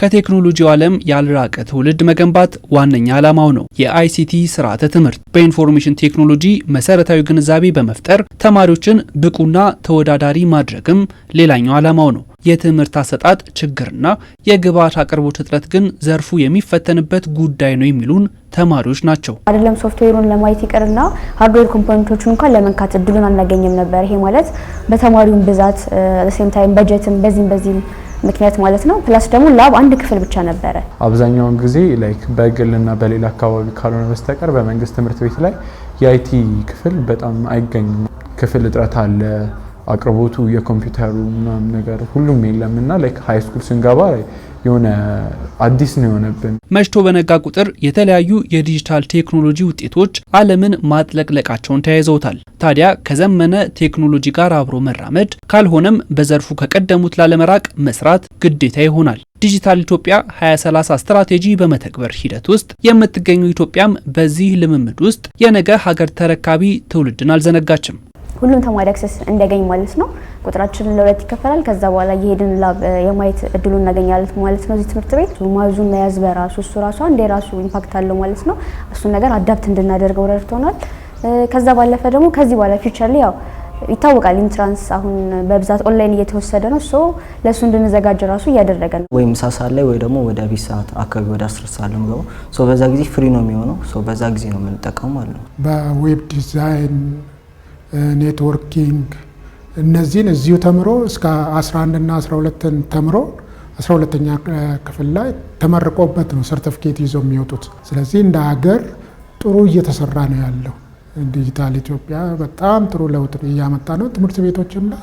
ከቴክኖሎጂው ዓለም ያልራቀ ትውልድ መገንባት ዋነኛ ዓላማው ነው። የአይሲቲ ስርዓተ ትምህርት በኢንፎርሜሽን ቴክኖሎጂ መሰረታዊ ግንዛቤ በመፍጠር ተማሪዎችን ብቁና ተወዳዳሪ ማድረግም ሌላኛው ዓላማው ነው። የትምህርት አሰጣጥ ችግርና የግብዓት አቅርቦት እጥረት ግን ዘርፉ የሚፈተንበት ጉዳይ ነው የሚሉን ተማሪዎች ናቸው። አይደለም ሶፍትዌሩን ለማየት ይቅርና ሃርድዌር ኮምፖነንቶቹን እንኳን ለመንካት እድሉን አናገኝም ነበር። ይሄ ማለት በተማሪውን ብዛት ሴም ታይም በጀትም በዚህም በዚህም ምክንያት ማለት ነው። ፕላስ ደግሞ ላብ አንድ ክፍል ብቻ ነበረ። አብዛኛውን ጊዜ ላይክ በግልና በሌላ አካባቢ ካልሆነ በስተቀር በመንግስት ትምህርት ቤት ላይ የአይቲ ክፍል በጣም አይገኝም። ክፍል እጥረት አለ። አቅርቦቱ የኮምፒውተሩ ምናምን ነገር ሁሉም የለም እና ላይክ ሀይ ስኩል ስንገባ የሆነ አዲስ ነው የሆነብን። መሽቶ በነጋ ቁጥር የተለያዩ የዲጂታል ቴክኖሎጂ ውጤቶች ዓለምን ማጥለቅለቃቸውን ተያይዘውታል። ታዲያ ከዘመነ ቴክኖሎጂ ጋር አብሮ መራመድ ካልሆነም በዘርፉ ከቀደሙት ላለመራቅ መስራት ግዴታ ይሆናል። ዲጂታል ኢትዮጵያ 2030 ስትራቴጂ በመተግበር ሂደት ውስጥ የምትገኘው ኢትዮጵያም በዚህ ልምምድ ውስጥ የነገ ሀገር ተረካቢ ትውልድን አልዘነጋችም። ሁሉም ተማሪ አክሰስ እንዲያገኝ ማለት ነው። ቁጥራችንን ለሁለት ይከፈላል። ከዛ በኋላ እየሄድን ላብ የማየት እድሉን እናገኛለን ማለት ነው። እዚህ ትምህርት ቤት ማዙን መያዝ በራሱ እሱ ራሱ አንድ የራሱ ኢምፓክት አለው ማለት ነው። እሱን ነገር አዳፕት እንድናደርገው ረድቶናል። ከዛ ባለፈ ደግሞ ከዚህ በኋላ ፊውቸር ላይ ያው ይታወቃል ኢንትራንስ አሁን በብዛት ኦንላይን እየተወሰደ ነው። ሶ ለእሱ እንድንዘጋጅ ራሱ እያደረገ ነው። ወይም ምሳ ሰዓት ላይ ወይ ደግሞ ወደ ቢት ሰዓት አካባቢ ወደ አስር ሰዓት ለምገቡ በዛ ጊዜ ፍሪ ነው የሚሆነው። በዛ ጊዜ ነው የምንጠቀሙ አለ በዌብ ዲዛይን ኔትወርኪንግ እነዚህን እዚሁ ተምሮ እስከ 11 እና 12 ተምሮ 12ተኛ ክፍል ላይ ተመርቆበት ነው ሰርተፍኬት ይዞ የሚወጡት። ስለዚህ እንደ ሀገር ጥሩ እየተሰራ ነው ያለው። ዲጂታል ኢትዮጵያ በጣም ጥሩ ለውጥ እያመጣ ነው። ትምህርት ቤቶችም ላይ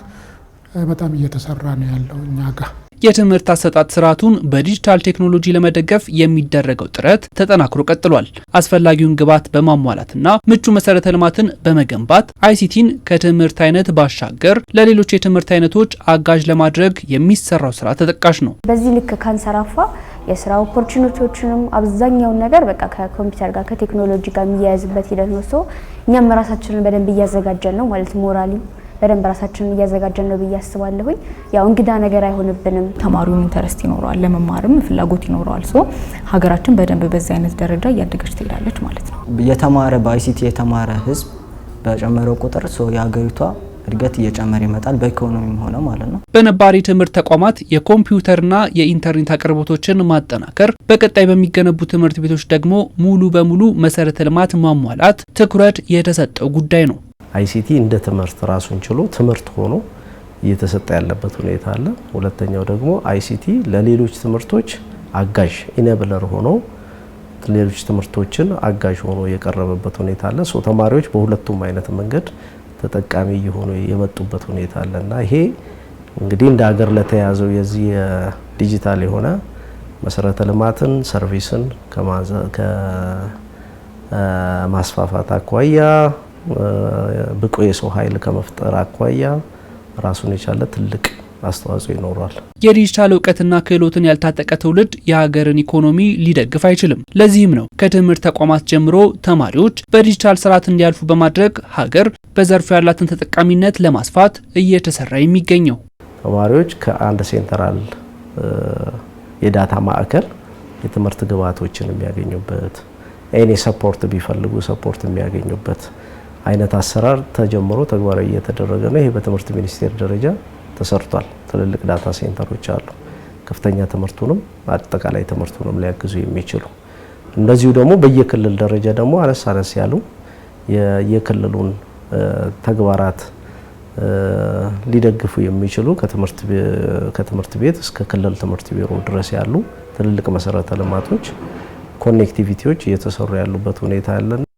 በጣም እየተሰራ ነው ያለው እኛ ጋር የትምህርት አሰጣጥ ስርዓቱን በዲጂታል ቴክኖሎጂ ለመደገፍ የሚደረገው ጥረት ተጠናክሮ ቀጥሏል። አስፈላጊውን ግብዓት በማሟላትና ምቹ መሰረተ ልማትን በመገንባት አይሲቲን ከትምህርት አይነት ባሻገር ለሌሎች የትምህርት አይነቶች አጋዥ ለማድረግ የሚሰራው ስራ ተጠቃሽ ነው። በዚህ ልክ ካንሰራፋ የስራ ኦፖርቹኒቲዎችንም አብዛኛውን ነገር በቃ ከኮምፒውተር ጋር ከቴክኖሎጂ ጋር የሚያያዝበት ሂደት ነው። እኛም ራሳችንን በደንብ እያዘጋጀን ነው ማለት ሞራሊም በደንብ ራሳችንን እያዘጋጀን ነው ብዬ አስባለሁኝ። ያው እንግዳ ነገር አይሆንብንም። ተማሪውን ኢንተረስት ይኖረዋል፣ ለመማርም ፍላጎት ይኖረዋል። ሶ ሀገራችን በደንብ በዚህ አይነት ደረጃ እያደገች ትሄዳለች ማለት ነው። የተማረ በአይሲቲ የተማረ ህዝብ በጨመረው ቁጥር የሀገሪቷ እድገት እየጨመረ ይመጣል። በኢኮኖሚም ሆነ ማለት ነው። በነባሪ ትምህርት ተቋማት የኮምፒውተርና የኢንተርኔት አቅርቦቶችን ማጠናከር፣ በቀጣይ በሚገነቡ ትምህርት ቤቶች ደግሞ ሙሉ በሙሉ መሰረተ ልማት ማሟላት ትኩረት የተሰጠው ጉዳይ ነው። አይሲቲ እንደ ትምህርት ራሱን ችሎ ትምህርት ሆኖ እየተሰጠ ያለበት ሁኔታ አለ። ሁለተኛው ደግሞ አይሲቲ ለሌሎች ትምህርቶች አጋዥ ኢነብለር ሆኖ ሌሎች ትምህርቶችን አጋዥ ሆኖ የቀረበበት ሁኔታ አለ። ሶ ተማሪዎች በሁለቱም አይነት መንገድ ተጠቃሚ እየሆኑ የመጡበት ሁኔታ አለና ይሄ እንግዲህ እንደ ሀገር ለተያዘው የዚህ ዲጂታል የሆነ መሰረተ ልማትን ሰርቪስን ከማስፋፋት አኳያ ብቁ የሰው ኃይል ከመፍጠር አኳያ ራሱን የቻለ ትልቅ አስተዋጽኦ ይኖሯል። የዲጂታል እውቀትና ክህሎትን ያልታጠቀ ትውልድ የሀገርን ኢኮኖሚ ሊደግፍ አይችልም። ለዚህም ነው ከትምህርት ተቋማት ጀምሮ ተማሪዎች በዲጂታል ስርዓት እንዲያልፉ በማድረግ ሀገር በዘርፉ ያላትን ተጠቃሚነት ለማስፋት እየተሰራ የሚገኘው። ተማሪዎች ከአንድ ሴንትራል የዳታ ማዕከል የትምህርት ግብዓቶችን የሚያገኙበት፣ ኤኒ ሰፖርት ቢፈልጉ ሰፖርት የሚያገኙበት አይነት አሰራር ተጀምሮ ተግባራዊ እየተደረገ ነው። ይሄ በትምህርት ሚኒስቴር ደረጃ ተሰርቷል። ትልልቅ ዳታ ሴንተሮች አሉ። ከፍተኛ ትምህርቱንም አጠቃላይ ትምህርቱንም ሊያግዙ የሚችሉ እንደዚሁ ደግሞ በየክልል ደረጃ ደግሞ አነስ አነስ ያሉ የክልሉን ተግባራት ሊደግፉ የሚችሉ ከትምህርት ቤት እስከ ክልል ትምህርት ቢሮ ድረስ ያሉ ትልልቅ መሰረተ ልማቶች ኮኔክቲቪቲዎች እየተሰሩ ያሉበት ሁኔታ ያለን